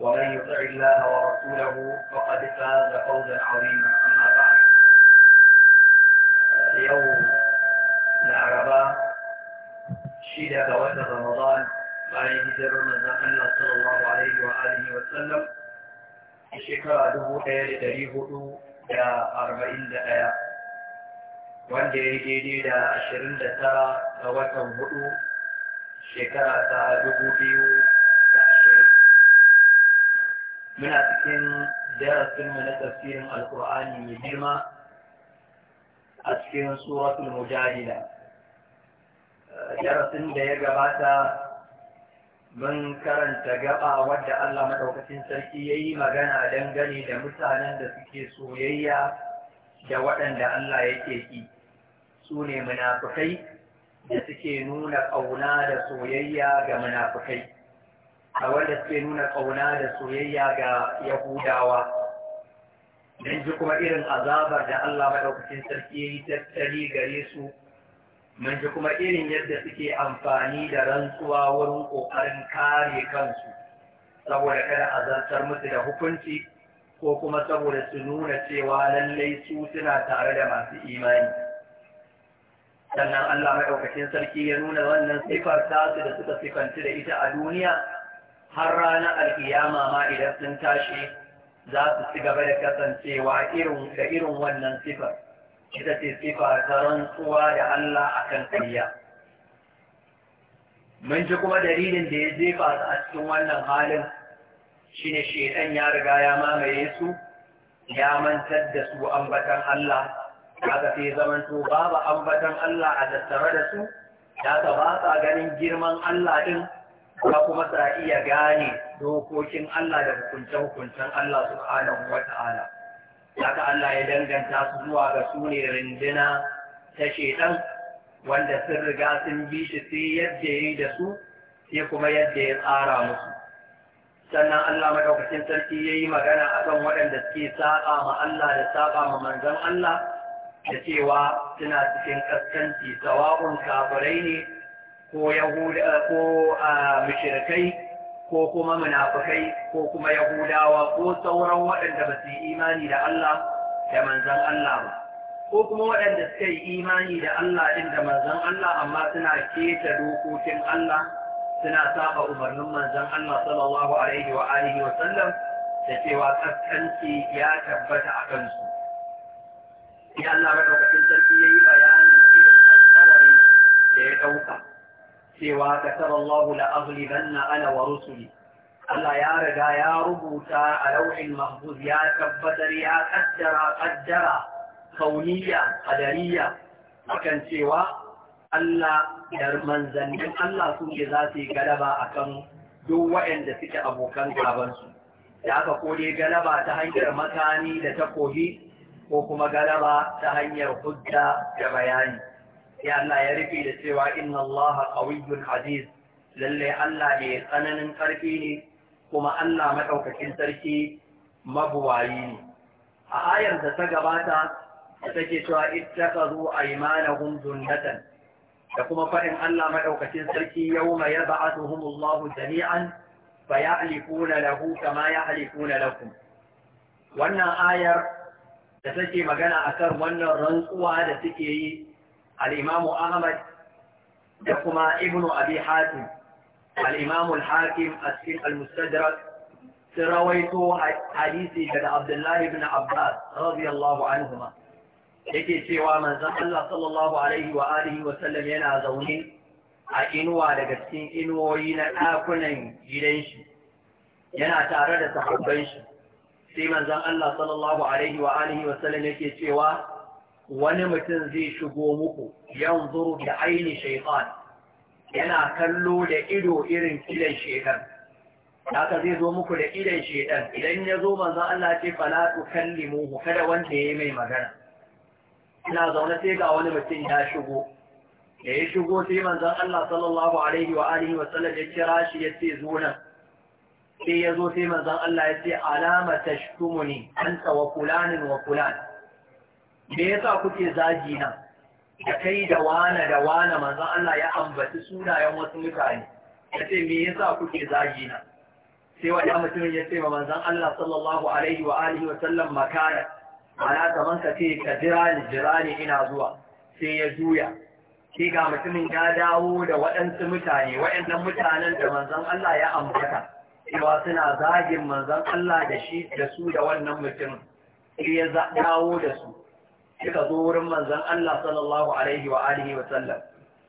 ومن يطع الله ورسوله فقد فاز فوزا عظيما اما بعد اليوم العرباء شيل بوابه رمضان عليه سر الله صلى الله عليه واله وسلم شكاله اي لدريهه يا اربعين دقايا وان دي دي دي دا عشرين دا ترى دا وطن muna cikin darasinmu na tafsirin alkur'ani mai girma a cikin suratul mujadila darasin da ya gabata mun karanta gaba wadda Allah maɗaukacin sarki ya yi magana dangane da mutanen da suke soyayya da waɗanda Allah yake ki su ne munafukai da suke nuna ƙauna da soyayya ga munafukai a wanda suke nuna ƙauna da soyayya ga yahudawa don ji kuma irin azabar da Allah maɗaukacin sarki ya yi tattali gare su mun ji kuma irin yadda suke amfani da rantsuwa wurin ƙoƙarin kare kansu saboda kada a zartar musu da hukunci ko kuma saboda su nuna cewa lallai su suna tare da masu imani sannan Allah maɗaukacin sarki ya nuna wannan sifar tasu da suka sifanci da ita a duniya har ranar alkiyama ma idan sun tashi za su ci gaba da kasancewa irin da irin wannan sifar ita ce sifa ta rantsuwa da Allah a kan kariya mun ji kuma dalilin da ya jefa su a cikin wannan halin ne shaidan ya riga ya mamaye su ya mantar da su ambatan Allah aka sai zaman to babu ambatan Allah a tattare da su ya ba sa ganin girman Allah ɗin? ka kuma sa iya gane dokokin Allah da hukunce-hukuncen Allah su subhanahu wa ta'ala. Saka Allah ya danganta su zuwa ga su ne rindina ta shedan wanda sun riga sun bi shi sai yadda ya yi da su sai kuma yadda ya tsara musu. Sannan Allah maɗaukacin sarki ya yi magana a kan waɗanda suke saƙa ma Allah da saƙa ma manzon Allah da cewa suna cikin ƙaskanci tsawon kafirai ne ko yahuda ko mushrikai ko kuma munafukai ko kuma yahudawa ko sauran waɗanda ba su yi imani da Allah da manzan Allah ba ko kuma waɗanda suka yi imani da Allah inda da Allah amma suna keta dokokin Allah suna saba umarnin manzon Allah sallallahu alaihi wa alihi wa sallam da cewa kaskanci ya tabbata a kansu sai Allah madaukakin sarki yayi bayanin irin alƙawarin da ya ɗauka cewa ta Allahu la na ana wa rusuli Allah ya riga ya rubuta a lauhin mahfuz ya tabbatar ya kaddara kaddara kauniya qadariya akan cewa Allah da manzannin Allah su ne za su yi galaba akan duk waɗanda suke abokan gabansu da aka kode galaba ta hanyar makani da takobi ko kuma galaba ta hanyar hujja da bayani sai Allah ya rufe da cewa inna Allah qawiyyun aziz lalle Allah ne tsananin karfi ne kuma Allah madaukakin sarki mabuwayi ne a ayar da ta gabata da take cewa ittakhadhu aymanahum junnatan da kuma faɗin Allah maɗaukacin sarki yau ma ya jami'an ba ya alifuna lahu kama ya alifuna lakum. Wannan ayar da take magana a wannan rantsuwa da suke yi al'imamu ahmad da kuma ibnu abi hatim al'imamu al-hakim a cikin al-mustadrak sun rawaito hadisi daga abdullahi ibn abbas radiyallahu anhuma yake cewa manzan Allah sallallahu alaihi wa alihi wa sallam yana zaune a inuwa daga cikin inuwoyi na ɗakunan gidan shi yana tare da sahabban shi sai manzan Allah sallallahu alaihi wa alihi wa sallam yake cewa wani mutum zai shigo muku yanzuru da aini shaitan yana kallo da ido irin kilan shaitan haka zai zo muku da idan shaitan idan ya zo manzo Allah ce fala tukallimuhu kada wanda yayi mai magana ina zaune sai ga wani mutum ya shigo da ya shigo sai manzon Allah sallallahu alaihi wa alihi wa sallam ya kira shi ya ce zo nan sai ya zo sai manzon Allah ya ce alama tashkumuni anta wa fulanin wa fulan me yasa kuke zagi nan da kai da wane da wane manzon Allah ya ambaci sunayen wasu mutane ya ce me yasa kuke zagi nan sai wani mutumin ya ce ma manzon Allah sallallahu alaihi wa alihi wa sallam makana ana kaman ka ce ka jira ni jira ni ina zuwa sai ya juya sai ga mutumin ya dawo da waɗansu mutane waɗannan mutanen da manzon Allah ya ambata cewa suna zagin manzon Allah da shi da su da wannan mutumin. sai ya dawo da su suka zo wurin manzon Allah sallallahu alaihi wa alihi wa sallam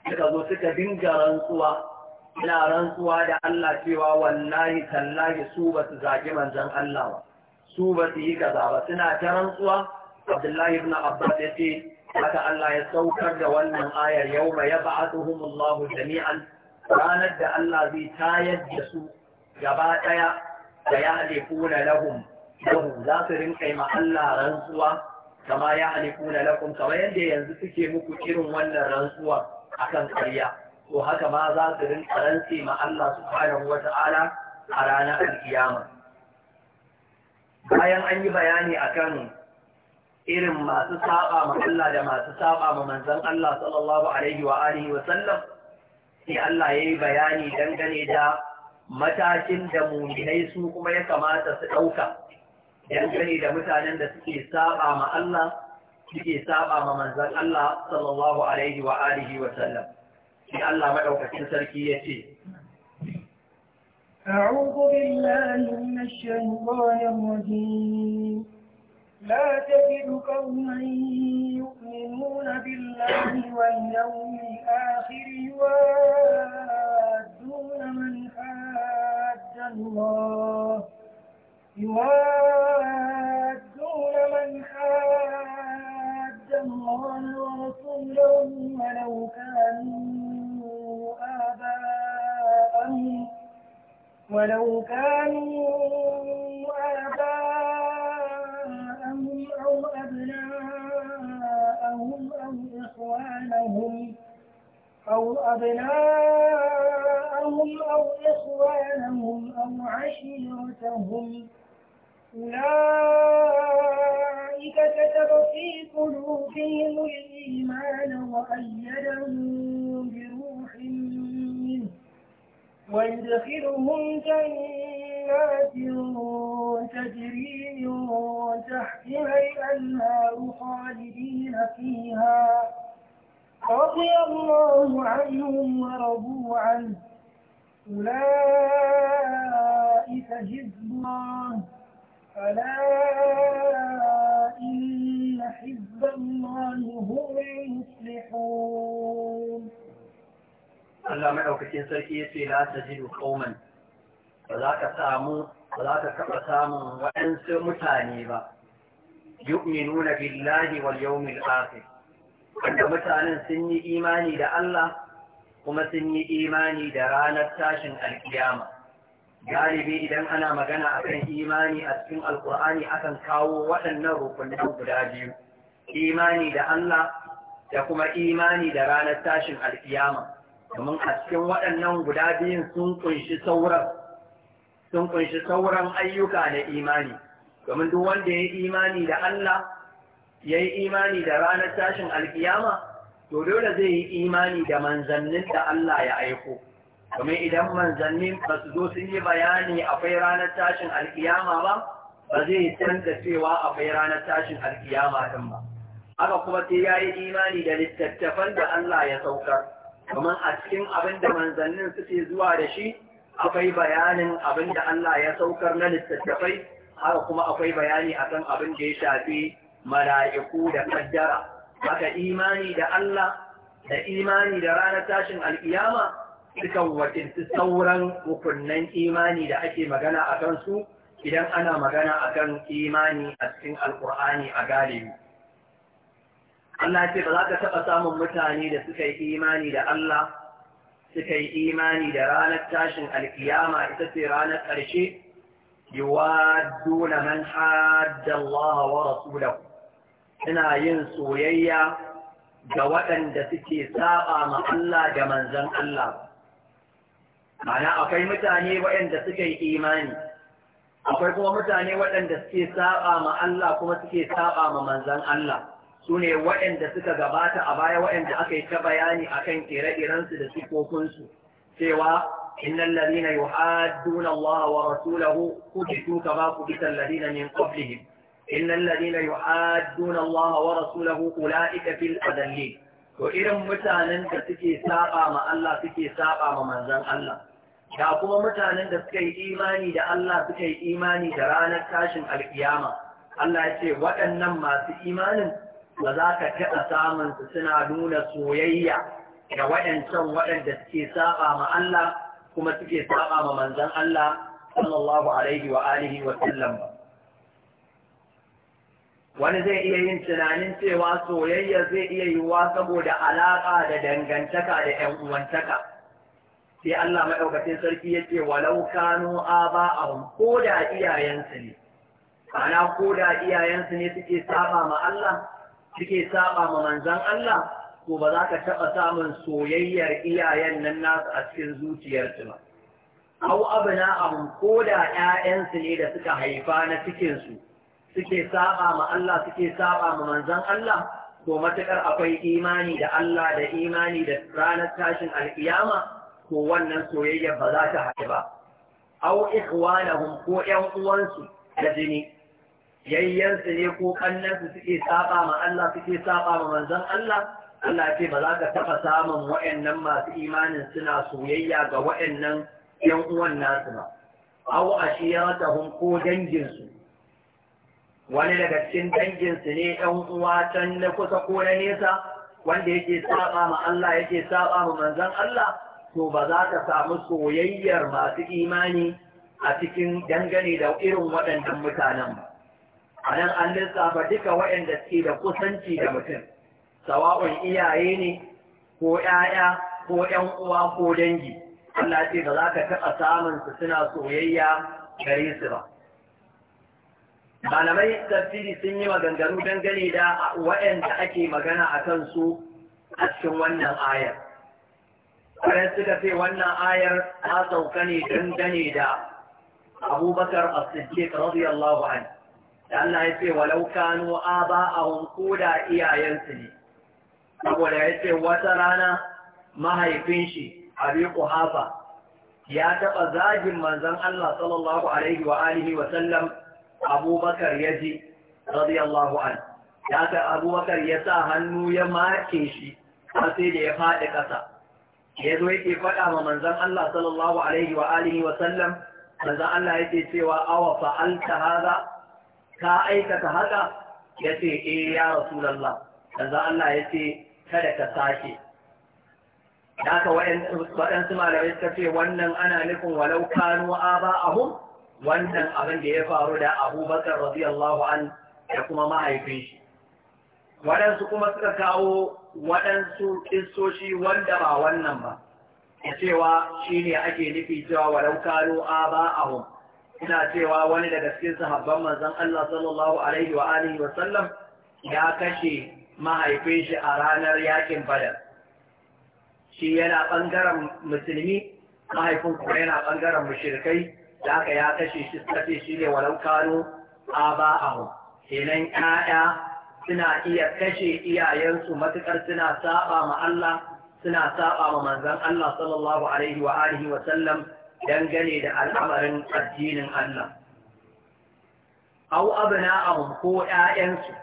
suka zo suka dinga rantsuwa ina rantsuwa da Allah cewa wallahi tallahi su ba su zagi manzon Allah ba su ba su yi kaza ba suna ta rantsuwa Abdullahi ibn Abbas ya ce haka Allah ya saukar da wannan ayar yau mai ya ba'atuhum Allah jami'an ranar da Allah zai tayar da su gaba ɗaya da ya alifuna lahum lahum za su rinka yi ma Allah rantsuwa kama ya na lakum kamar yadda yanzu suke muku irin wannan rantsuwa akan ƙarya to haka ma za su rinka rantse ma Allah subhanahu Ta'ala a ranar alkiyama bayan an yi bayani akan irin masu saba ma Allah da masu saba ma manzon Allah sallallahu alaihi wa alihi wa sallam sai Allah yayi bayani dangane da matakin da mu'minai su kuma ya kamata su ɗauka. dangane da mutanen da suke saba ma Allah suke saba ma manzan Allah sallallahu alaihi wa alihi wa sallam shi Allah madaukakin sarki yace أعوذ بالله من الشيطان الرجيم لا تجد قوما يؤمنون بالله واليوم الآخر يوادون من حاد الله يوادون من حاد الله ورسوله ولو كانوا آباءهم ولو كانوا آباءهم أو أبناءهم أو إخوانهم أو أبناءهم أو إخوانهم أو عشيرتهم أولئك كتب في قلوبهم الإيمان وأيدهم بروح منه ويدخلهم جنات تجري من تحتها الأنهار خالدين فيها رضي الله عنهم ورضوا عنه أولئك حزب الله ألا إن حزب الله هم المفلحون ألا معك تنسكي في لا تجد قوما فلا تسامو فلا تسامو وأنس متانيبا يؤمنون بالله واليوم الآخر عندما مثلا سني إيماني لألا وما سني إيماني لرانا تاشن القيامة galibi idan ana magana a kan imani a cikin Alƙur'ani, akan kawo waɗannan rukunin guda biyu imani da Allah da kuma imani da ranar tashin alkiyama domin a cikin waɗannan guda biyun sun kunshi sauran sun kunshi sauran ayyuka na imani domin duk wanda ya yi imani da Allah ya yi imani da ranar tashin alkiyama to dole zai yi imani da manzannin da Allah ya aiko kamar idan manzanni ba su zo sun yi bayani akwai ranar tashin alkiyama ba ba zai canza cewa akwai ranar tashin alkiyama din ba haka kuma sai ya yi imani da littattafan da Allah ya saukar kamar a cikin abin da manzannin suke zuwa da shi akwai bayanin abin da Allah ya saukar na littattafai haka kuma akwai bayani akan abin da ya shafi mala'iku da kaddara haka imani da Allah da imani da ranar tashin alkiyama sukan wakilci sauran hukunnan imani da ake magana a kansu idan ana magana a kan imani a cikin alkur'ani a galibi Allah ce ba za ka taɓa samun mutane da suka yi imani da Allah suka yi imani da ranar tashin alkiyama ita ce ranar ƙarshe man من حاد الله rasulahu! ina yin soyayya ga waɗanda suke saɓa ma Allah da manzon Allah Mana akwai mutane waɗanda suke imani, akwai kuma mutane waɗanda suke saba ma Allah kuma suke saba ma manzan Allah, su ne waɗanda suka gabata a baya waɗanda aka yi ta bayani a kan ire-irensu da sifofinsu, cewa innan lalina yi hadduna Allah wa rasulahu kubitu tuka ba ku kubitan lalina min qablihim. إن الذين يعادون الله ورسوله أولئك في الأذلين to irin mutanen da suke saba ma Allah suke saba ma manzon Allah da kuma mutanen da suka yi imani da Allah suka yi imani da ranar tashin alkiyama Allah ya ce waɗannan masu imanin ba za ka taɓa samun su suna nuna soyayya ga waɗancan waɗanda suke saba ma Allah kuma suke saba ma manzon Allah sallallahu alaihi wa alihi wa sallam ba wani zai iya yin tunanin cewa soyayya zai iya yiwuwa saboda alaƙa da dangantaka da ‘yan uwantaka. Sai Allah maɗaukacin sarki ya ce walau kanu a ba a ko da iyayensu ne, ana ko da iyayensu ne suke saba ma Allah, suke saba ma manzan Allah, ko ba za ka taɓa samun soyayyar iyayen nan nasu a cikin zuciyarsu ba. Au abu na ko da ‘ya'yansu ne da suka haifa na cikinsu, suke saba ma Allah suke saba ma manzon Allah to matakar akwai imani da Allah da imani da ranar tashin alkiyama Ko wannan soyayya ba za ta haɗe ba aw ikhwanahum ko ƴan uwansu da jini yayyansu ne ko kannansu suke saba ma Allah suke saba ma manzon Allah Allah ce ba za ka taɓa samun wa'annan masu imanin suna soyayya ga wa'annan ‘yan uwan nasu ba, aw a shiyartahun ko danginsu, wani daga cikin danginsu ne ɗan uwa can na kusa ko na nesa wanda yake saba ma Allah yake saba ma manzon Allah to ba za ka samu soyayyar masu imani a cikin dangane da irin waɗannan mutanen ba a nan an lissafa duka waɗanda suke da kusanci da mutum sawa'un iyaye ne ko 'ya'ya ko 'yan uwa ko dangi Allah ce ba za ka taɓa samun su suna soyayya gare su ba malamai tafsiri sun yi maganganu dangane da waɗanda ake magana a kansu a cikin wannan ayar wadanda suka fi wannan ayar ta sauka ne dangane da abubakar as-siddiq radiyallahu anhu da Allah ya ce walau kanu aba'ahum da iyayensu ne saboda ya ce wata rana mahaifin shi abi ya taɓa zagin manzon Allah sallallahu alaihi wa alihi wa sallam abubakar ya ji radiyallahu an ya ka abubakar ya sa hannu ya make shi har sai da ya faɗi ƙasa ya zo yake faɗa ma manzan Allah sallallahu alaihi wa alihi wa sallam manzan Allah yake cewa awa fa'alta haza ka aikata haka ya ce eh ya rasulallah manzan Allah ya ce kada ka sake da ka waɗansu malamai suka ce wannan ana nufin walau kanu a ba a hun wannan abin da ya faru da abubakar radiyallahu an da kuma mahaifin shi waɗansu kuma suka kawo waɗansu ƙistoshi wanda ba wannan ba da cewa shi ne ake nufi cewa walau kano a ba a hun ina cewa wani daga cikin sahabban manzon Allah sallallahu alaihi wa alihi wa sallam ya kashe mahaifin shi a ranar yakin badar shi yana ɓangaren musulmi mahaifin kuma yana ɓangaren mushrikai da aka ya kashe shi suka ce shi ne walau kano a ba ahu kenan ƴaƴa suna iya kashe iyayensu matuƙar suna saba ma Allah suna saba ma manzon Allah sallallahu alaihi wa alihi wa sallam dangane da al'amarin addinin Allah aw abna'ahum ko ƴaƴansu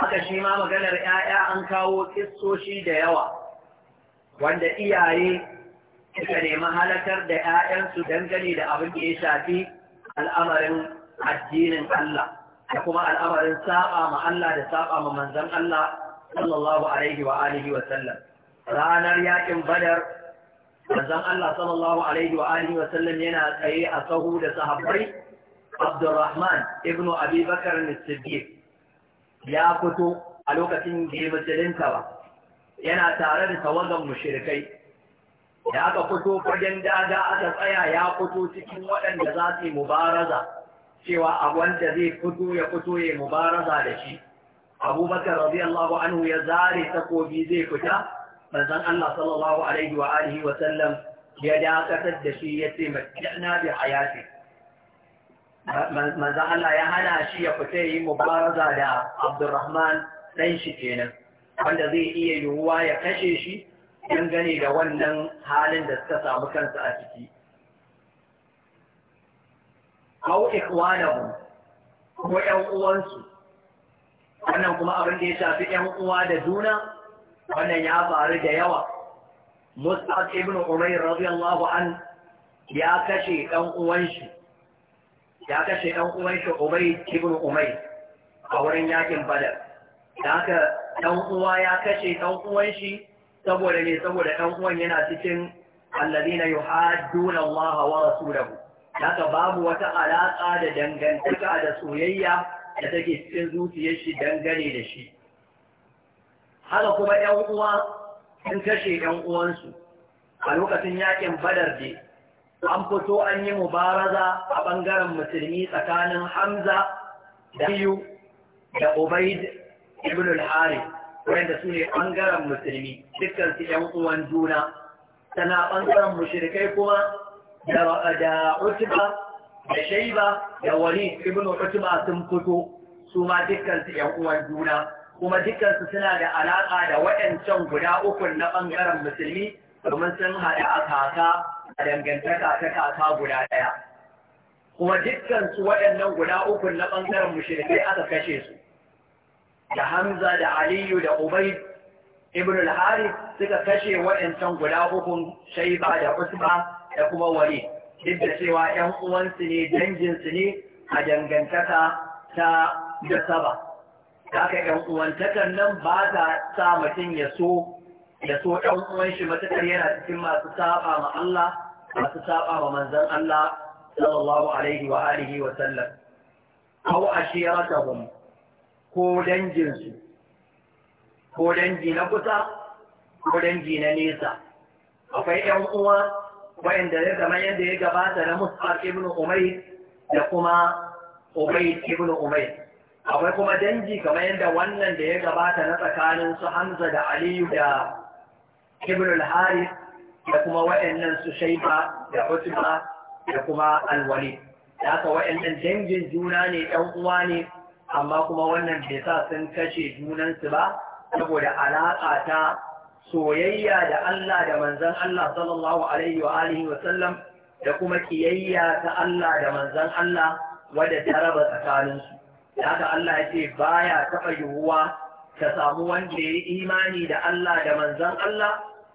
haka shi ma maganar ƴaƴa an kawo kissoshi da yawa wanda iyaye suka nemi halakar da 'ya'yansu dangane da abin da ya shafi al'amarin addinin Allah da kuma al'amarin saba ma Allah da saba ma manzon Allah sallallahu alaihi wa alihi wa ranar yakin badar manzan Allah sallallahu alaihi wa alihi wa yana tsaye a sahu da sahabbai Abdurrahman ibn Abi Bakar as ya fito a lokacin da musulunta ba yana tare da tawagan mushrikai da aka fito fagen daga aka tsaya ya fito cikin waɗanda za su yi mubaraza cewa a wanda zai fito ya fito ya mubaraza da shi abubakar radiyallahu anhu ya zare takobi zai fita manzon Allah sallallahu alaihi wa alihi wa sallam ya dakatar da shi ya ce makkana bi hayati manzon Allah ya hana shi ya fita yi mubaraza da Abdurrahman dan shi kenan wanda zai iya yiwuwa ya kashe shi dangane da wannan halin da suka samu kansu a ciki aw mu, ko 'yan uwansu wannan kuma abin da ya shafi yanuwa uwa da juna wannan ya faru da yawa Mustaf ibn Umayr radiyallahu an ya kashe ɗan uwan shi ya kashe ɗan uwan ibn Umar a wurin yakin Badar da haka ɗan uwa ya kashe ɗan uwan shi saboda ne saboda ɗan uwan yana cikin allazina yuhadduna Allah wa rasulahu haka babu wata alaƙa da dangantaka da soyayya da take cikin zuciyar shi dangane da shi haka kuma ƴan uwa sun kashe ƴan uwansu a lokacin yakin badar ne. an fito an yi mubaraza a ɓangaren musulmi tsakanin hamza da biyu da ubaid ibn al-harith wanda su ne ɓangaren musulmi dukkan su ‘yan uwan juna Tana ɓangaren mushrikai kuma da utuba da shaiba da wani ibn utuba sun fito su ma dukkan su ‘yan uwan juna kuma dukkan su suna da alaƙa da waɗancan guda uku na ɓangaren musulmi domin sun haɗa a kaka a dangantaka ta kaka guda ɗaya kuma dukkan su waɗannan guda uku na ɓangaren mushrikai aka kashe su da Hamza da Aliyu da Ubayd ibn al-Harith suka kashe waɗancan guda hukun Shayba da Usba da kuma Walid duk da cewa ƴan uwansu ne danginsu ne a dangantaka ta nasaba da aka ƴan uwantakan nan ba ta sa mutum ya so ya so ɗan uwan shi matuƙar yana cikin masu saba ma Allah masu saba ma manzon Allah sallallahu alaihi wa alihi wa sallam aw ashiratahum ko danginsu ko dangi na kusa ko dangi na nesa akwai ‘yan uwa waɗanda ya zama yadda ya gabata na Musa ibn Umay da kuma Umay ibn Umay. akwai kuma dangi kamar yadda wannan da ya gabata na tsakanin su Hamza da Aliyu da ibn al-Harith da kuma waɗannan su Shaiba da Utba da kuma Al-Walid da haka waɗannan dangin juna ne ɗan uwa ne amma kuma wannan bai sa sun kashe junansu ba saboda alaƙa ta soyayya da Allah da manzan Allah sallallahu alaihi wa alihi wa sallam da kuma kiyayya ta Allah da manzan Allah wadda ta raba tsakaninsu haka Allah ya ce baya taɓa yiwuwa ta samu wanda ya yi imani da Allah da manzan Allah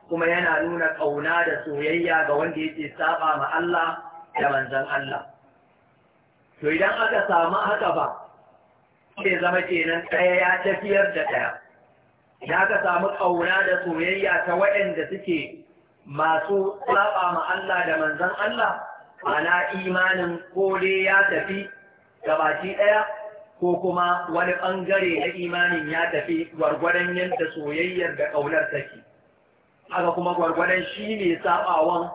kuma yana nuna ƙauna da soyayya ga wanda yake saba ma Allah da manzan Allah to idan aka samu haka ba ke zama kenan ɗaya ya tafiyar da ɗaya ya ka samu ƙauna da soyayya ta waɗanda suke masu saba ma Allah da manzon Allah ana imanin ko dai ya tafi gabaci ɗaya ko kuma wani ɓangare na imanin ya tafi gwargwadon yadda soyayyar da ƙaunar take haka kuma gwargwadon shi ne saɓawan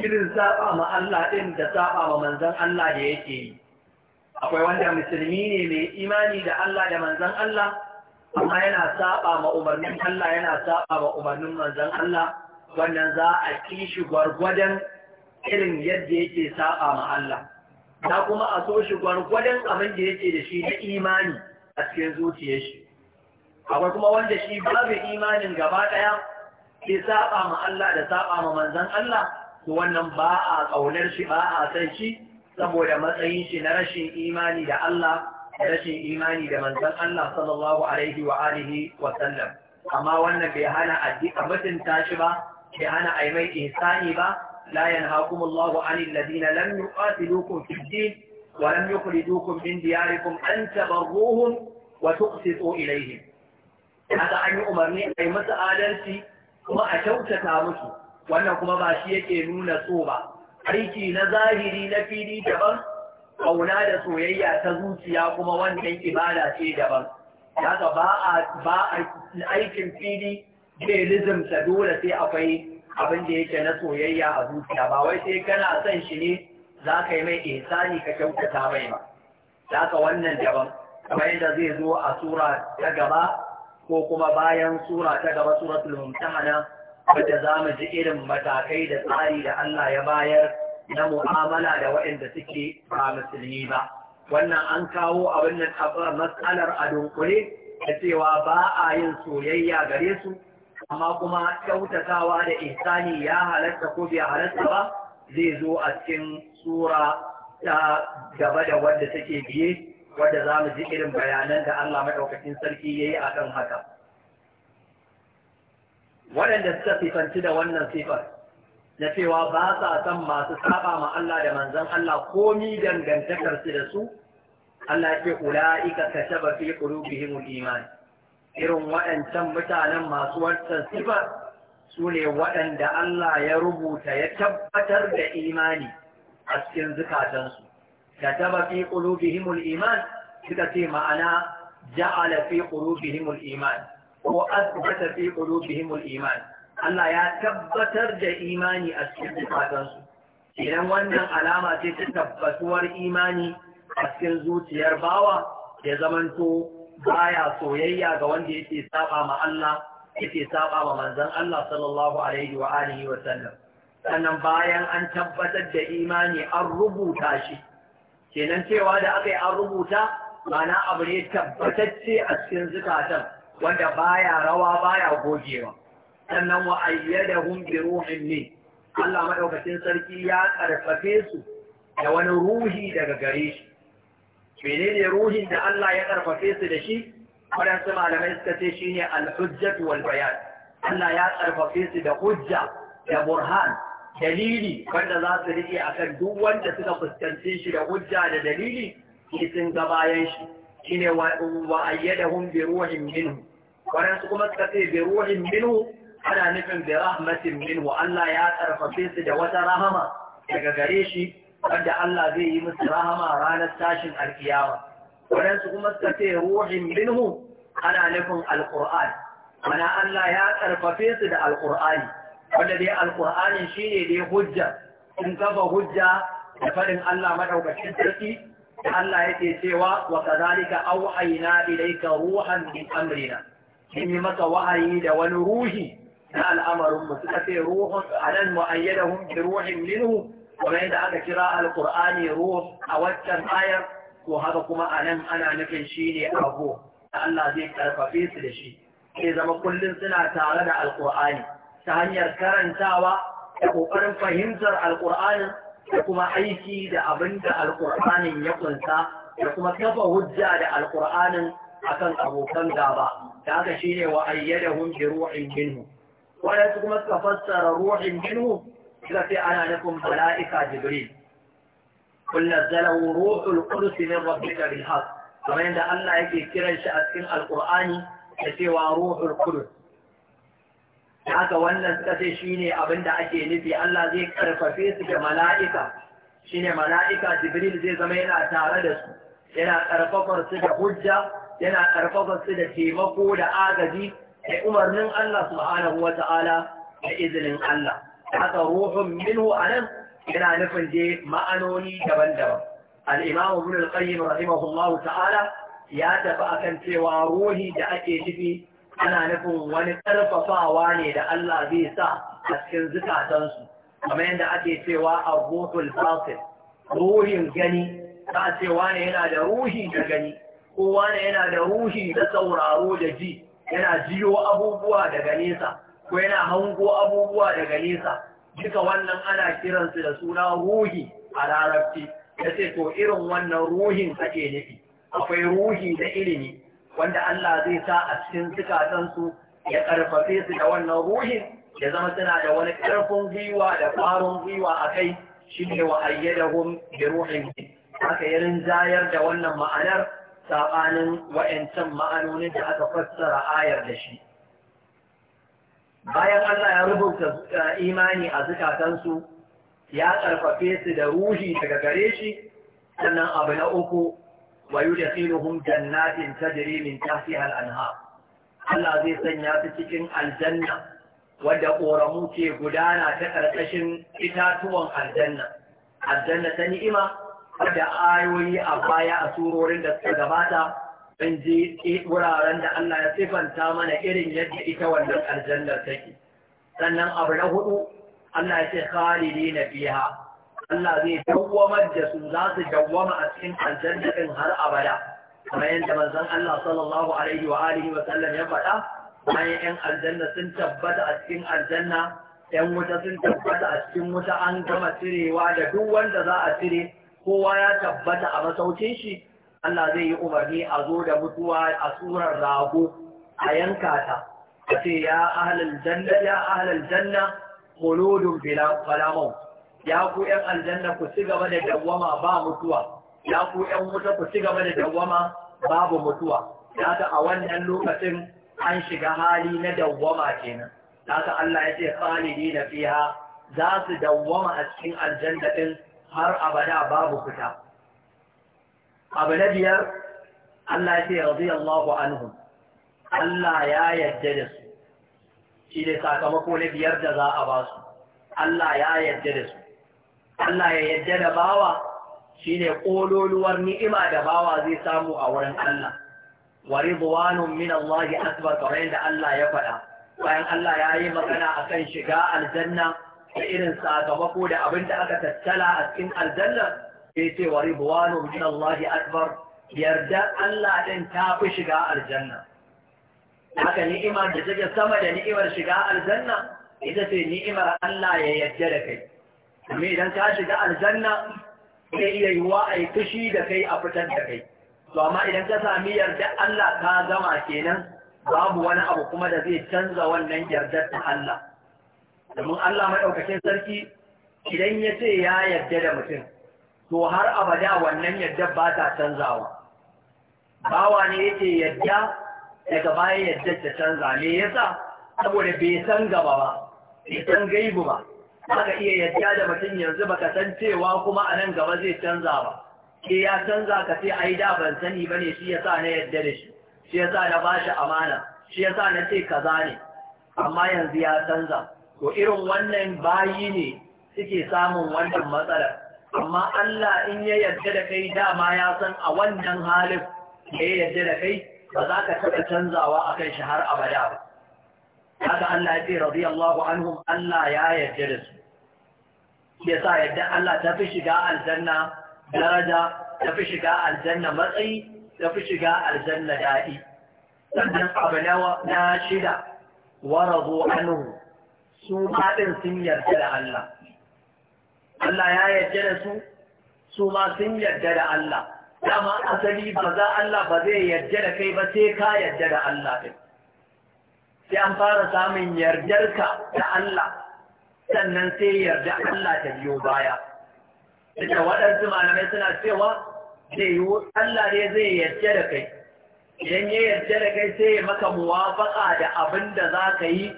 irin saɓa ma Allah ɗin da saɓa ma manzon Allah da yake yi akwai wanda musulmi ne mai imani da Allah da manzan Allah amma yana saba ma umarnin Allah yana saba ma umarnin manzan Allah wannan za a shigar gwargwadon irin yadda yake saba ma Allah da kuma a so shi gwargwadon abin da yake da shi na imani a cikin zuciyar shi akwai kuma wanda shi babu imanin gaba ɗaya ke saba ma Allah da saba ma manzan Allah to wannan ba a ƙaunar shi ba a san shi saboda matsayin shi na rashin imani da Allah da rashin imani da manzon Allah sallallahu alaihi wa alihi wa sallam amma wannan bai hana addu'a mutunta shi ba bai hana ai mai ihsani ba la yanhaakum Allahu anil ladina lam yuqatilukum fid din wa lam yukhrijukum min diyarikum an tabarruhum wa tuqsitu ilayhim haka an yi umarni ai masa adalci kuma a kyautata musu wannan kuma ba shi yake nuna so ba aiki na zahiri na fili daban ƙauna da soyayya ta zuciya kuma wannan ibada ce daban haka ba ba aikin fili bai ta dole sai akwai abin da yake na soyayya a zuciya ba wai sai kana son shi ne za ka yi mai ihsani ka kyautata mai ba za wannan daban kamar yadda zai zo a sura ta gaba ko kuma bayan sura ta gaba suratul mumtahana wadda za mu ji irin matakai da tsari da Allah ya bayar na mu'amala da waɗanda suke ba musulmi ba. Wannan an kawo abin da nan matsalar a dunkule da cewa ba a yin soyayya gare su, amma kuma kyautatawa da ihsani ya halatta ko bai halatta ba zai zo a cikin sura ta gaba da wadda take biye wadda za mu ji irin bayanan da Allah maɗaukacin sarki ya yi a kan haka. waɗanda suka sifanci da wannan sifar na cewa ba sa san masu saba ma Allah da manzon Allah komi dangantakar su da su Allah ke ce ulaika kataba fi qulubihim iman irin waɗancan mutanen masu wancan sifar su ne waɗanda Allah ya rubuta ya tabbatar da imani a cikin zukatansu kataba fi qulubihim iman suka ce ma'ana ja'ala fi qulubihim iman ko asbata fi qulubihim al-iman Allah ya tabbatar da imani a cikin zukatansu idan wannan alama ce ta tabbatuwar imani a cikin zuciyar bawa ya zamanto baya soyayya ga wanda yake saba ma Allah yake saba ma manzon Allah sallallahu alaihi wa alihi wa sallam sannan bayan an tabbatar da imani an rubuta shi kenan cewa da aka yi an rubuta mana abu ne tabbatacce a cikin zukatan wanda baya rawa baya gogewa sannan wa ayyadahum bi ruhin min Allah madaukakin sarki ya karfafe su da wani ruhi daga gare shi menene ruhin da Allah ya karfafe su da shi waɗansu malamai suka ce shine ne hujjatu wal bayan Allah ya karfafe su da hujja da burhan dalili wanda za su rike akan duk wanda suka fuskanci shi da hujja da dalili sun ga bayan shi shine wa ayyadahum bi ruhin minhu waɗansu kuma suka ce bi ruhin minhu ana nufin bi rahmatin minhu Allah ya karfafe su da wata rahama daga gare shi wanda Allah zai yi musu rahama ranar tashin alkiyama waɗansu kuma suka ce ruhin minhu ana nufin alƙur'an mana Allah ya karfafe su da alƙur'ani wanda dai alƙur'anin shine dai hujja in kafa hujja da faɗin Allah madaukakin sarki da Allah yake cewa wa kadhalika awhayna ilayka ruhan min amrina mun yi maka wa'ayi da wani ruhi na al'amarin mu suka ce ruhun anan mu'ayyadahum bi ruhin minhu kamar yadda aka kira alqur'ani ruh a waccan ayar Ko haka kuma anan ana nufin shine abu Allah zai karfafe su da shi ke zama kullum suna tare da alqur'ani ta hanyar karantawa da kokarin fahimtar alqur'anin da kuma aiki da abin da ya kunsa da kuma kafa hujja da alqur'anin akan abokan gaba da aka shi ne wa ayyadahum bi ruhin minhu wanda su kuma suka fassara ruhin minhu suka ce ana nufin mala'ika jibril kul nazzalahu ruhul qudus min rabbika bil haqq kamar yadda Allah yake kiran shi a cikin alkur'ani da cewa ruhul qudus haka wannan suka ce shine abinda ake nufi Allah zai karfafe su da mala'ika ne mala'ika jibril zai zama yana tare da su yana karfafar su da hujja yana karfafa su da taimako da agaji da umarnin Allah subhanahu wa ta'ala da izinin Allah haka ruhun minhu nan yana nufin je ma'anoni daban-daban al'imamu imamu ibn rahimahullahu ta'ala ya tafi akan cewa ruhi da ake nufi ana nufin wani ƙarfafawa ne da Allah zai sa a cikin zukatansu kamar yadda ake cewa a ruhul ruhin gani ta cewa ne yana da ruhi da gani kowa ne yana da ruhi da sauraro da ji yana jiyo abubuwa daga nesa ko yana hango abubuwa daga nesa duka wannan ana kiransu da suna ruhi a larabci ya ce to irin wannan ruhin ake nufi akwai ruhi da ilimi wanda Allah zai sa a cikin zukatansu ya karfafe su da wannan ruhin ya zama suna da wani karfin gwiwa da ƙwarin gwiwa a kai shi ne wa ayyadahum bi ruhin haka yarin rinjayar da wannan ma'anar saɓanin wa'yancan ma'anonin da aka fassara ayar da shi bayan Allah ya rubuta eh, imani a zukatansu ya ƙarfafe su da ruhi daga gare shi sannan abu na uku wa yudkhiluhum jannatin tajri min tafi al'anha Allah zai sanya su cikin aljanna wadda ƙoramu ke gudana ta ƙarƙashin itatuwan aljanna aljanna ta ni'ima da ayoyi a baya a surorin da suka gabata sun ji wuraren da Allah ya sifanta mana irin yadda ita wannan aljannar take sannan abu na hudu Allah ya ce khalidi na fiha Allah zai dawwamar da su za su dawwama a cikin aljanna din har abada kamar yadda manzon Allah sallallahu alaihi wa alihi wa sallam ya faɗa bayan yan aljanna sun tabbata a cikin aljanna yan wuta sun tabbata a cikin wuta an gama cirewa da duk wanda za a cire kowa ya tabbata a masaukin shi Allah zai yi umarni a zo da mutuwa a surar rago a yanka ta a ce ya ahlal janna ya ahlal janna khuludun falamau ya ku yan aljanna ku ci gaba da dawwama ba mutuwa ya ku yan wuta ku ci gaba da dawwama babu mutuwa ya ta a wannan lokacin an shiga hali na dawwama kenan ya ta Allah ya ce khalidina fiha za su dawwama a cikin aljanna ɗin. har abada babu fita abu na biyar Allah ce radiyallahu anhum Allah ya yarda da su shi ne sakamako na biyar da za a ba su Allah ya yarda da su Allah ya yarda da bawa shi ne ƙololuwar ni'ima da bawa zai samu a wurin Allah Wari ridwanun min Allah akbar kamar yadda Allah ya faɗa bayan Allah ya yi magana akan shiga aljanna da irin sakamako da abin da aka tattala a cikin aljanna sai ce wa ribwanu min Allah akbar yarda Allah din ta fi shiga aljanna haka ni'imar da take sama da ni'imar shiga aljanna ita ce ni'imar Allah ya yarda da kai amma idan ka shiga aljanna sai iya yiwa a yi fushi da kai a fitar da kai to amma idan ka sami yarda Allah ka gama kenan babu wani abu kuma da zai canza wannan yardar ta Allah domin Allah maɗaukacin sarki idan ya ce ya yadda da mutum to har abada wannan yadda ba ta canzawa bawa ne yake yadda daga bayan yadda ta canza me yasa saboda bai san gaba ba bai san gaibu ba aka iya yadda da mutum yanzu baka san cewa kuma a nan gaba zai canza ba ke ya canza ka ce ai da ban sani bane shi yasa na yadda da shi shi yasa na shi amana shi yasa na ce kaza ne amma yanzu ya canza to irin wannan bayi ne suke samun wannan matsala amma Allah in ya yarda da kai dama ya san a wannan halin da ya yarda da kai ba za ka taɓa canzawa a kan shi har abada ba haka Allah ya ce radiyallahu anhum Allah ya yarda da su ya sa yadda Allah ta fi shiga aljanna daraja ta fi shiga aljanna matsayi ta fi shiga aljanna daɗi sannan abu na shida wa rabu su ma ɗin sun yarda da Allah Allah ya yarda da su su ma sun yarda da Allah dama asali ba za Allah ba zai yarda da kai ba sai ka yarda da Allah ɗin sai an fara samun yardarka da Allah sannan sai yarda Allah ta biyo baya Daga waɗansu malamai suna cewa zai yi Allah ne zai yarda da kai idan ya yarda da kai sai ya maka muwafaƙa da abin da za ka yi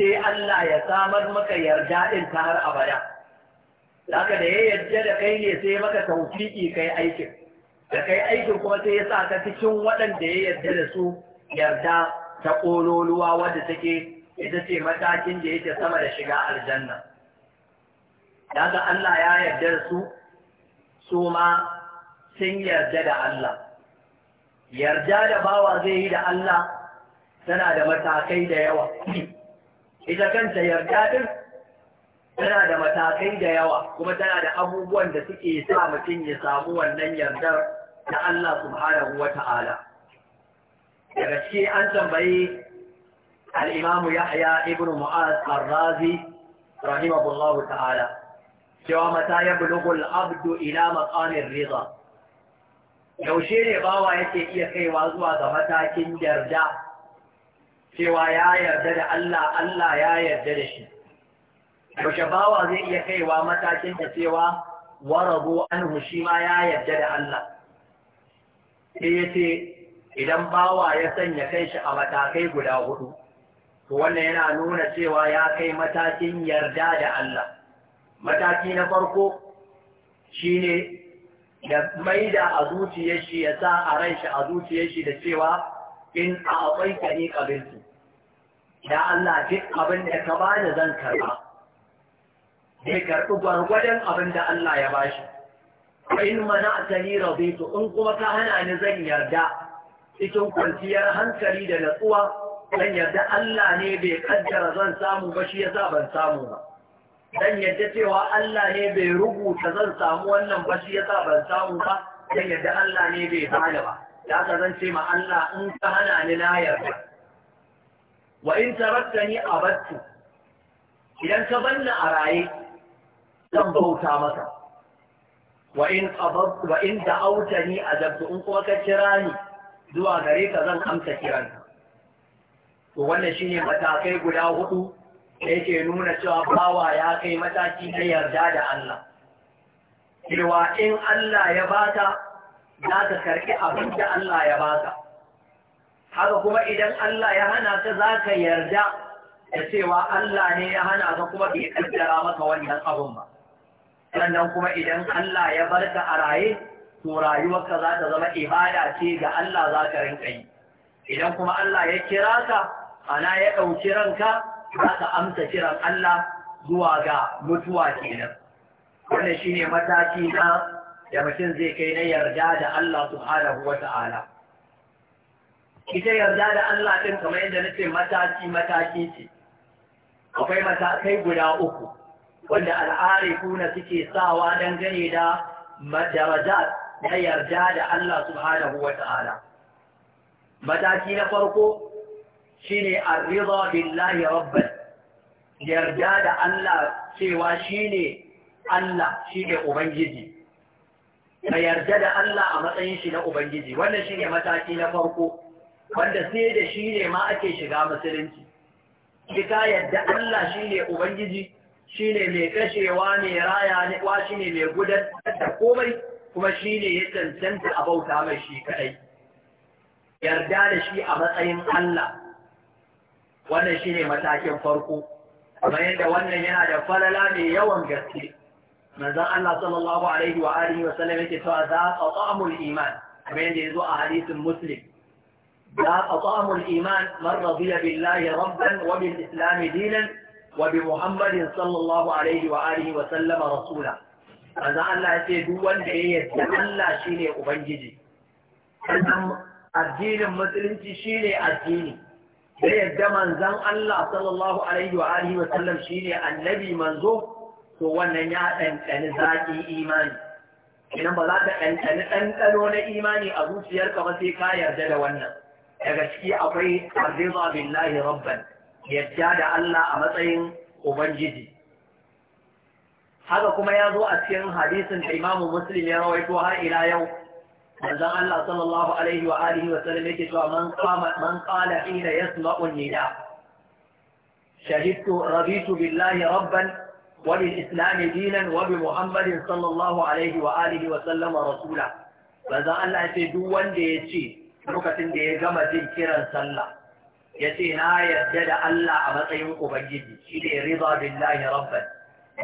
sai Allah ya samar maka yarda ɗin ta har abada. Laka da ya yarda da kai ne sai maka taufiki kai aikin, da kai aikin kuma sai ya sa ka cikin waɗanda ya yarda da su yarda ta ƙololuwa wadda take ita ce matakin da yake sama da shiga aljanna. Daga Allah ya yarda da su, su ma sun yarda da Allah. Yarda da bawa zai yi da Allah tana da matakai da yawa. ita kanta yarda din tana da matakai da yawa kuma tana da abubuwan da suke sa mutum ya samu wannan yardar da Allah subhanahu wa ta'ala daga an tambayi al'imamu Yahya ibn Mu'az al-Razi rahimahullahu ta'ala cewa mata ya bulugul abdu ila maqamin riza yaushe ne bawa yake iya kaiwa zuwa ga matakin yarda cewa ya yarda da Allah Allah ya yarda da shi yaushe bawa zai iya kaiwa matakin da cewa warabo anhu shi ma ya yarda da Allah sai ya ce idan bawa ya sanya kai shi a matakai guda hudu to wannan yana nuna cewa ya kai matakin yarda da Allah mataki na farko shine da maida a zuciyar shi ya sa a ran shi a zuciyar shi da cewa in a akwai ka ne ya Allah duk abin da ka bani zan karba bai karbi gwargwadon abin da Allah ya bashi fa in mana'ta rabe raditu in kuma ka hana ni zan yarda cikin kwanciyar hankali da natsuwa zan yarda Allah ne bai kaddara zan samu ba shi yasa ban samu ba Zan yadda cewa Allah ne bai rubuta zan samu wannan ba shi yasa ban samu ba zan yadda Allah ne bai bani ba da haka zan ce ma Allah in ka hana ni na yarda wa in a abattu idan ka banna a raye zan bauta maka wa in qabab wa in ni azabtu in kuma ka kira ni zuwa gare ka zan amsa kiran to wannan shine matakai guda hudu da yake nuna cewa bawa ya kai mataki na yarda da Allah cewa in Allah ya bata za ka karɓi abin da Allah ya baka haka kuma idan Allah ya hana ka za ka yarda da cewa Allah ne ya hana ka kuma bai kaddara maka wannan abun ba sannan kuma idan Allah ya bar ka a raye to rayuwarka za ta zama ibada ce ga Allah za ka rinka yi idan kuma Allah ya kira ka ana ya ɗauki ranka za ka amsa kiran Allah zuwa ga mutuwa kenan wannan shine mataki na da mutum zai kai na yarda da Allah subhanahu wa ta'ala ita yarda da Allah ɗin kamar yadda nace mataki mataki ce akwai matakai guda uku wanda al'arifuna suke sawa dangane da daraja na yarda da Allah subhanahu wa ta'ala mataki na farko shine ar-ridha billahi rabban yarda da Allah cewa shine Allah shine ubangiji ka yarda da Allah a matsayin shi na ubangiji wannan shine mataki na farko wanda sai da shi ne ma ake shiga musulunci ka yadda Allah shi ne ubangiji shi ne mai kashewa mai raya wa shi ne mai gudan, da komai kuma shi ne ya cancanta a bauta mai shi kadai yarda da shi a matsayin Allah wannan shi ne matakin farko kamar yadda wannan yana da falala mai yawan gaske manzon Allah sallallahu alaihi wa alihi wa sallam yake cewa za a ta'amul iman kamar yadda ya zo a hadisin muslim لا أطعم الإيمان من رضي بالله ربا وبالإسلام دينا وبمحمد صلى الله عليه وآله وسلم رسولا أنا الله يتدول بإيه الله شيني أبنجي الدين المسلم شيني الديني sai yadda manzan Allah sallallahu Alaihi wa sallam shi annabi manzo, to wannan ya ɗanɗani zaƙi imani. Idan ba za ta ɗanɗani ɗanɗano na imani a zuciyarka ba sai ka yarda da wannan. daga ciki akwai arziba billahi rabban yadda da Allah a matsayin ubangiji haka kuma ya zo a cikin hadisin da imamu muslim ya rawaito har ila yau manzon Allah sallallahu alaihi wa alihi wa sallam yake cewa man qama man qala ila yasma'u nida shahidtu billahi rabban wani bil dinan wa muhammadin sallallahu alaihi wa alihi wa sallam rasula manzon Allah ya ce duk wanda ya ce lokacin da ya gama jin kiran sallah ya ce na yarda da Allah a matsayin ubangiji shi ne riba billahi rabban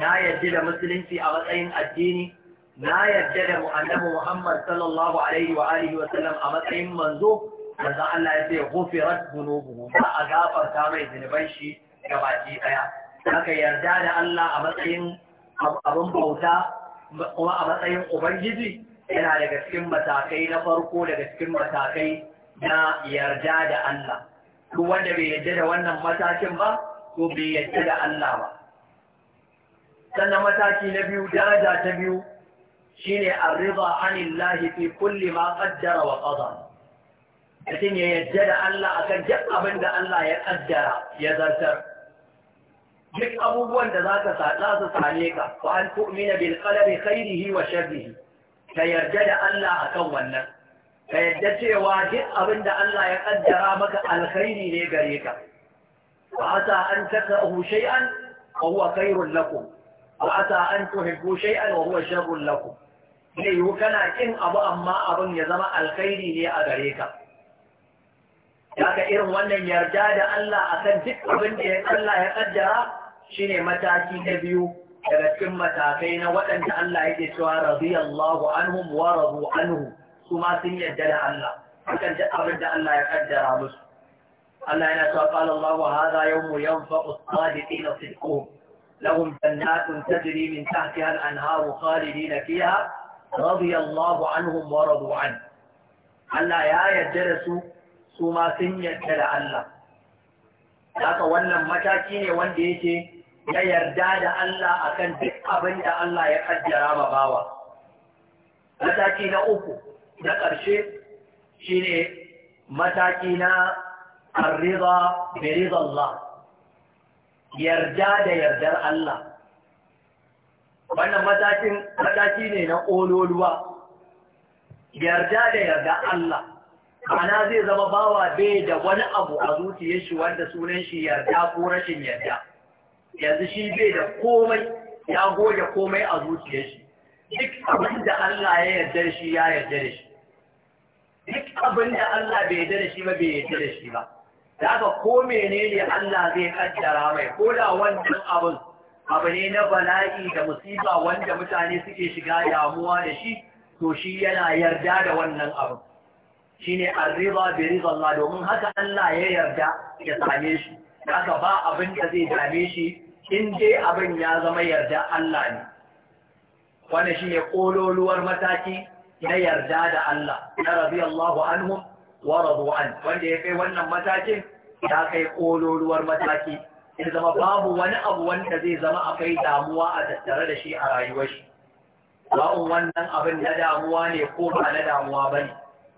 na yarda da musulunci a matsayin addini na yarda da annabi Muhammad sallallahu alaihi wa alihi wa sallam a matsayin manzo manzo Allah ya ce ghufirat dhunubuhu ba a gafarta mai zunuban shi gabaki daya haka yarda da Allah a matsayin abin bauta kuma a matsayin ubangiji yana daga cikin matakai na farko daga cikin matakai na yarda da Allah duk wanda bai yarda da wannan matakin ba ko bai yarda da Allah ba sannan mataki na biyu daraja ta biyu shine arriba anillahi fi kulli ma ƙaddara wa qada mutum ya yarda da Allah akan duk abin da Allah ya ƙaddara ya zartar duk abubuwan da za ka za su same ka wa an tu'mina bil qalbi khairihi wa sharrihi ka yarda da Allah akan wannan ka yarda cewa duk abin da Allah ya ƙaddara maka alkhairi ne gare ka wa asa an takrahu shay'an wa huwa khairun lakum a sa an tuhibbu shay'an wa huwa sharrun lakum ne yiwu kana kin abu amma abin ya zama alkhairi ne a gare ka daga irin wannan yarda da Allah akan duk abin da Allah ya ƙaddara shine mataki na biyu daga cikin matakai na waɗanda Allah yake cewa radiyallahu anhum wa radu anhu su ma sun yadda da Allah akan duk abin da Allah ya kaddara musu Allah yana cewa qala Allahu hadha yawmu yanfa'u as-sadiqina sidquhum lahum jannatun tajri min tahtiha al-anharu khalidina fiha radiyallahu anhum wa radu anhu Allah ya yadda da su su ma sun yadda da Allah haka wannan mataki ne wanda yake na yarda da Allah akan duk abin da Allah ya kaddara ma bawa mataki na uku na ƙarshe shine mataki na arrida bi Allah yarda da yardar Allah wannan matakin mataki ne na ƙololuwa yarda da yarda Allah ana zai zama bawa bai da wani abu a zuciyar shi wanda sunan shi yarda ko rashin yarda yanzu shi bai da komai ya goge komai a zuciyar shi duk abin da Allah ya yarda da shi ya yarda da shi duk abin da Allah bai yarda da shi ba bai yarda da shi ba da haka ko menene Allah zai kaddara mai ko da wannan abin abu ne na bala'i da musiba wanda mutane suke shiga damuwa da shi to shi yana yarda da wannan abu shi ne arriba bi rizallah domin haka Allah ya yarda ya same shi haka ba abin da zai dame shi in dai abin ya zama yarda Allah ne shi ne kololuwar mataki na yarda da Allah na Allahu anhum wa an wanda ya kai wannan matakin ya kai kololuwar mataki in zama babu wani abu wanda zai zama a kai damuwa a tattare da shi a rayuwar shi ba'un wannan abin na damuwa ne ko ba na damuwa ba ne.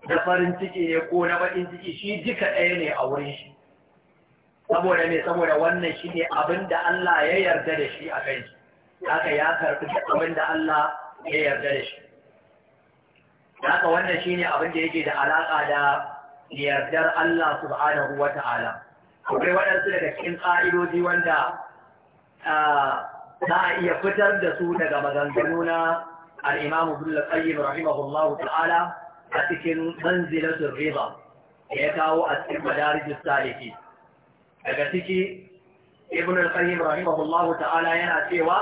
na farin ciki ne ko na baƙin ciki shi duka ɗaya ne a wurin shi saboda ne saboda wannan shi ne abin da Allah ya yarda da shi a kai haka ya karɓi abin da Allah ya yarda da shi haka wannan shi ne abin da yake da alaƙa da yardar Allah subhanahu wa ta'ala akwai waɗansu daga cikin ƙa'idoji wanda za a iya fitar da su daga maganganu na al'imamu bulla tsayin rahimahullahu ta'ala a cikin manzilatun riba da ya kawo a cikin madarijin saliki daga ciki ibn al-qayyim rahimahullahu ta'ala yana cewa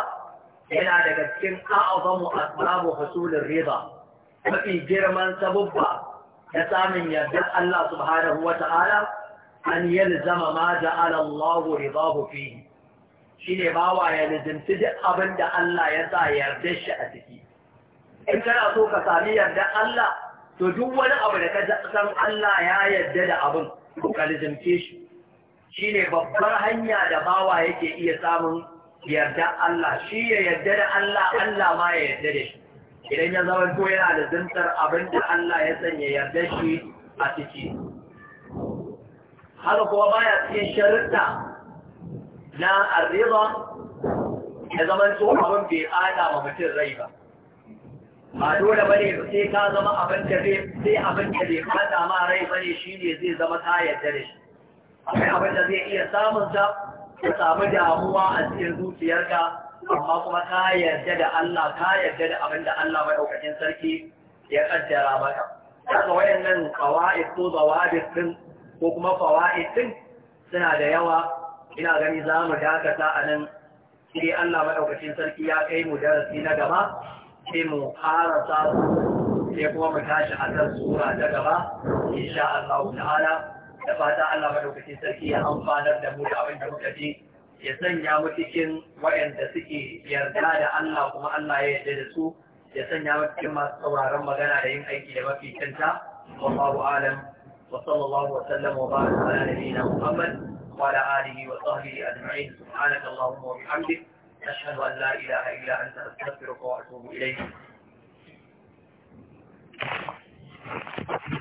yana daga cikin a'zamu asbabu husulir rida mafi girman sabubba na samun yardar Allah subhanahu wa ta'ala an yalzama ma ja'ala Allah ridahu fihi shine bawa ya lazimci duk abin da Allah ya sa yarda shi a ciki in kana so ka sami yarda Allah to duk wani abu da ka san Allah ya yarda da abin to ka lazimce shi Shi ne babbar hanya da bawa yake iya samun yarda Allah shi ya yarda da Allah Allah ma ya yarda da shi idan ya zama ko yana da zintar abin da Allah ya sanya yarda shi a ciki haka kuma baya cikin sharuɗa na arriba ya zama so abin bai ada ma mutum rai ba ba dole ba ne sai ka zama abin da bai sai abin da bai fada ma rai ba ne ne zai zama ta yarda da shi akwai abin da zai iya samun sa ka samu damuwa a cikin zuciyarka amma kuma ka yarda da Allah ka yarda da abin da Allah daukakin sarki ya kaddara maka kaga wayannan qawaid ko zawabit din ko kuma fawaid din suna da yawa ina gani za mu dakata anan. nan sai Allah Maɗaukacin sarki ya kai mu darasi na gaba sai mu karasa sai kuma mu tashi a kan sura ta gaba insha Allah ta'ala da fata Allah madaukakin sarki ya amfanar da mu da abin da muka ji ya sanya mu cikin waɗanda suke yarda da Allah kuma Allah ya yarda da su ya sanya mu cikin masu sauraron magana da yin aiki da mafi kanta wallahu alam wa sallallahu wa sallam wa baraka ala nabiyyina Muhammad wa ala alihi wa sahbihi ajma'in subhanaka allahumma wa bihamdik ashhadu an la ilaha illa anta astaghfiruka wa atubu ilayk Thank you.